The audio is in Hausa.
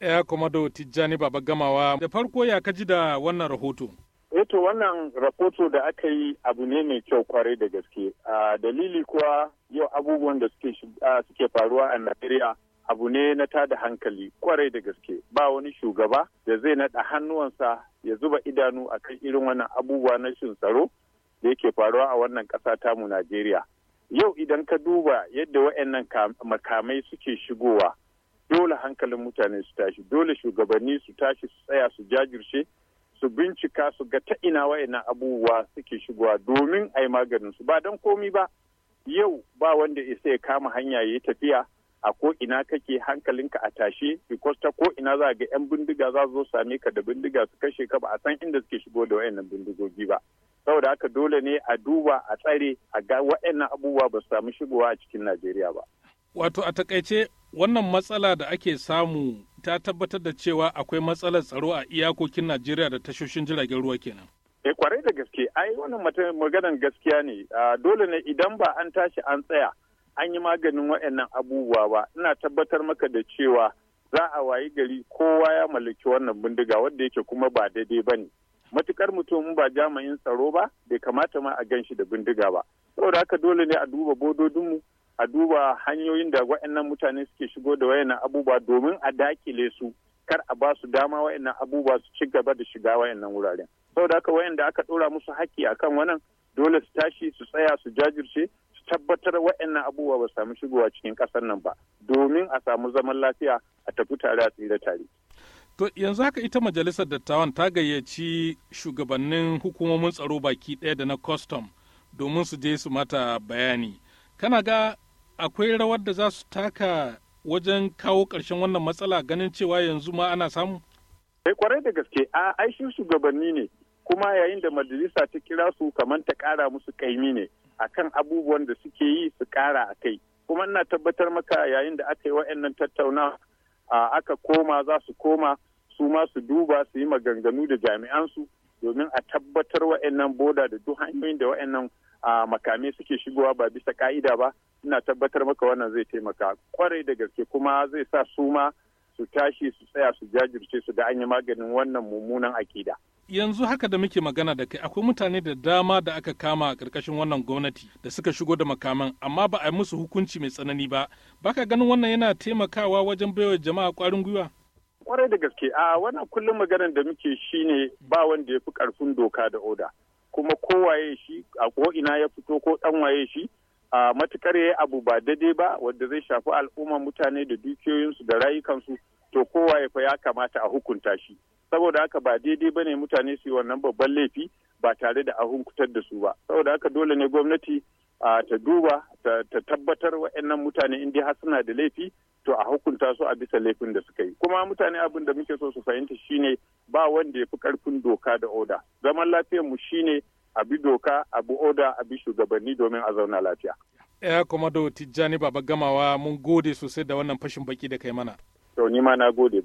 ya kuma da Tijjani Baba Gamawa da farko ya kaji da wannan rahoto. Eto eh wannan rahoto da aka yi abu ne mai kyau kwarai da gaske. A dalili kuwa yau abubuwan da suke faruwa a Najeriya abu ne na ta da hankali kwarai da gaske. Ba wani shugaba da zai naɗa hannuwansa ya zuba idanu a kan irin wannan abubuwa na shin tsaro da yake faruwa a wannan ƙasa tamu Najeriya. Yau idan ka duba yadda waɗannan makamai suke shigowa dole hankalin mutane su tashi dole shugabanni su tashi su tsaya su jajirce su bincika su ga ta ina wayannan abubuwa suke shigowa domin a yi maganin su ba don komi ba yau ba wanda isa ya kama hanya ya yi tafiya a ko ina kake hankalinka a tashe because ta ko ina za ga yan bindiga za zo same ka da bindiga su kashe ka ba a san inda suke shigo da wayannan bindigogi ba saboda haka dole ne a duba a tsare a ga wayannan abubuwa ba su samu shigowa a cikin Najeriya ba Wato a takaice wannan matsala da ake samu ta tabbatar da cewa akwai matsalar tsaro a iyakokin Najeriya da tashoshin jiragen ruwa kenan. E kwarai da gaske, ai wannan maganan gaskiya ne, dole ne idan ba an tashi an tsaya an yi maganin waɗannan abubuwa ba, ina tabbatar maka da cewa za a wayi gari kowa ya mallaki wannan bindiga wanda yake kuma ba daidai ba ne. Matukar mutum ba jami'in tsaro ba, bai kamata ma a gan shi da bindiga ba. Saboda haka dole ne a duba bododinmu a duba hanyoyin da waɗannan mutane suke shigo da wayannan abubuwa domin a dakile su kar a ba su dama wayannan abubuwa su ci gaba da shiga wayannan wuraren saboda haka wayanda aka ɗora musu haƙƙi akan wannan dole su tashi su tsaya su jajirce su tabbatar waɗannan abubuwa ba samu shigowa cikin ƙasar nan ba domin a samu zaman lafiya a tafi tare a tsira tare. To yanzu haka ita majalisar dattawan ta gayyaci shugabannin hukumomin tsaro baki ɗaya da na kwastam domin su je su mata bayani. Kana ga akwai rawar da za su taka wajen kawo ƙarshen wannan matsala ganin cewa yanzu ma ana samu? Sai eh, kwarai da gaske a aishi shugabanni ne kuma yayin da majalisa ta kira su kamar ta ƙara musu kaimi ne a kan abubuwan da suke yi su ƙara a kai. Kuma ina tabbatar maka yayin da aka yi wa'annan tattaunawa aka koma za su koma su ma su duba su yi maganganu da jami'ansu domin a tabbatar wa'annan boda da duk hanyoyin da wa'annan a makame suke shigowa ba bisa ka'ida ba ina tabbatar maka wannan zai taimaka kwarai da gaske kuma zai sa su ma su tashi su tsaya su jajirce su da an yi maganin wannan mummunan akida. yanzu haka da muke magana da kai akwai mutane da dama da aka kama a ƙarƙashin wannan gwamnati da suka shigo da makaman amma ba a yi musu hukunci mai tsanani ba baka ganin wannan yana taimakawa wajen baiwa jama'a ƙwarin gwiwa kwarai da gaske a wannan kullum maganar da muke shine ba wanda ya fi ƙarfin doka da oda kuma kowaye shi a ko'ina ya fito ko dan waye shi a matukar ya abu ba daidai ba wadda zai shafi al'ummar mutane da dukiyoyinsu da rayukansu to kowaye fa ya kamata a hukunta shi saboda haka ba daidai ba ne mutane su yi wannan babban laifi ba tare da a hunkutar da su ba saboda haka dole ne gwamnati ta duba ta tabbatar wa'annan mutane in dai har suna da laifi to a hukunta su a bisa laifin da suka yi kuma mutane abin da muke so su fahimta shine ba wanda ya fi karfin doka da oda zaman lafiyar mu shine a bi doka a bi oda a bi shugabanni domin a zauna lafiya ya kuma da tijjani baba gamawa mun gode sosai da wannan fashin baki da kai mana to ni ma na gode